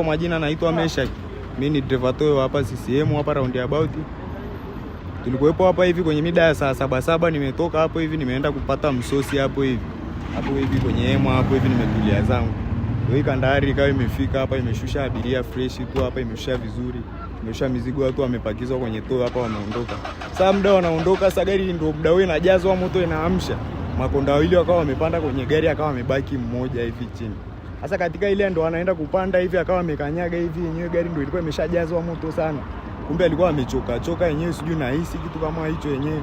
Kwa majina naitwa Mesha. mimi ni driver toyo hapa CCM hapa round about. Tulikuwepo hapa hivi kwenye mida ya saa saba saba, nimetoka hapo hivi nimeenda kupata msosi hapo hivi hapo hivi kwenye hema hapo hivi nimetulia zangu. Hii kandari ikawa imefika hapa, imeshusha abiria fresh tu hapa, imeshusha vizuri, imeshusha mizigo, watu wamepakizwa kwenye toyo hapa, wanaondoka. Sasa muda wanaondoka, sasa gari ndio muda huo inajazwa moto, inaamsha makonda wawili, wakawa wamepanda kwenye gari, akawa amebaki mmoja hivi chini. Sasa katika ile ndo anaenda kupanda hivi akawa amekanyaga hivi, yenyewe gari ndo ilikuwa imeshajazwa moto sana, kumbe alikuwa amechoka choka yenyewe, sijui hisi kitu kama hicho yenyewe,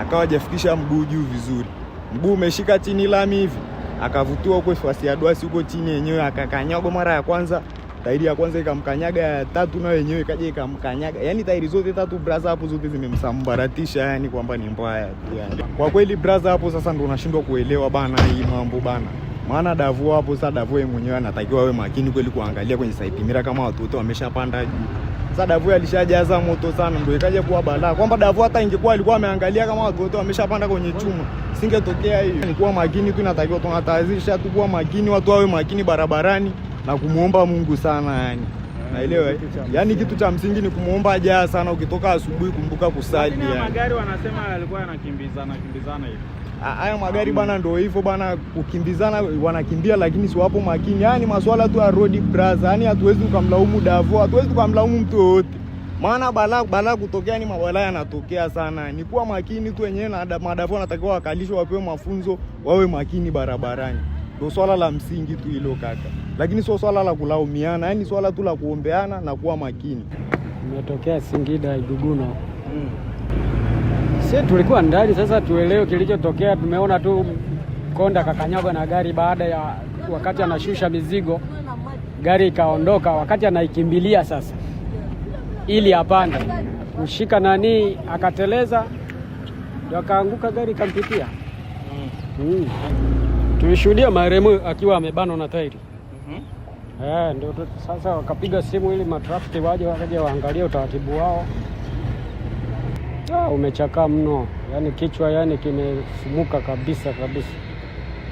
akawa hajafikisha mguu juu vizuri, mguu umeshika chini lami hivi, akavutiwa huko fasiadwasi huko chini yenyewe, akakanyaga mara ya kwanza tairi ya kwanza ikamkanyaga, ya tatu nayo yenyewe ikaja ikamkanyaga. Yani tairi zote tatu braza hapo zote zimemsambaratisha, yani kwamba ni mbaya yani. Kwa kweli braza hapo sasa ndo unashindwa kuelewa bana hii mambo bana. Maana davu hapo sasa, davu yeye mwenyewe anatakiwa awe makini kweli kuangalia kwenye side mirror kama watoto wameshapanda juu. Sasa davu alishajaza moto sana, ndio ikaje kuwa balaa. Kwamba davu hata ingekuwa alikuwa ameangalia kama watoto wameshapanda kwenye chuma, singetokea hiyo. Ni kuwa makini tu, inatakiwa tunatahadharisha tu kuwa makini, watu wawe makini barabarani na kumuomba Mungu sana yani. Naelewa. Yaani kitu cha msingi ni kumuomba jaa sana ukitoka asubuhi kumbuka kusali yani. Magari wanasema alikuwa anakimbizana kimbizana hivi. Ah, haya magari bana, ndio hivyo bana, kukimbizana wanakimbia, lakini siwapo makini. Yani ni tu ya road brother, yani hatuwezi tukamlaumu Davo, hatuwezi tukamlaumu mtu yoyote, maana bala bala kutokea ni mabala yanatokea sana. Ni kuwa makini tu wenyewe, na madavo wanatakiwa wakalishwe, wapewe mafunzo, wawe makini barabarani. Ndio swala la msingi tu hilo kaka, lakini sio swala la kulaumiana, yani swala tu la kuombeana na kuwa makini. Imetokea Singida Iguguno. hmm. Sisi tulikuwa ndani, sasa tuelewe kilichotokea. Tumeona tu konda kakanyagwa na gari baada ya wakati anashusha mizigo, gari ikaondoka, wakati anaikimbilia sasa ili apande kushika nani, akateleza ndio akaanguka, gari ikampitia. mm. mm. Tulishuhudia marehemu akiwa amebanwa na tairi. mm -hmm. Eh, ndio sasa wakapiga simu ili matrafiki waje wakaja waangalie utaratibu wao. Ah, umechakaa mno, yani kichwa yani kimefumuka kabisa kabisa.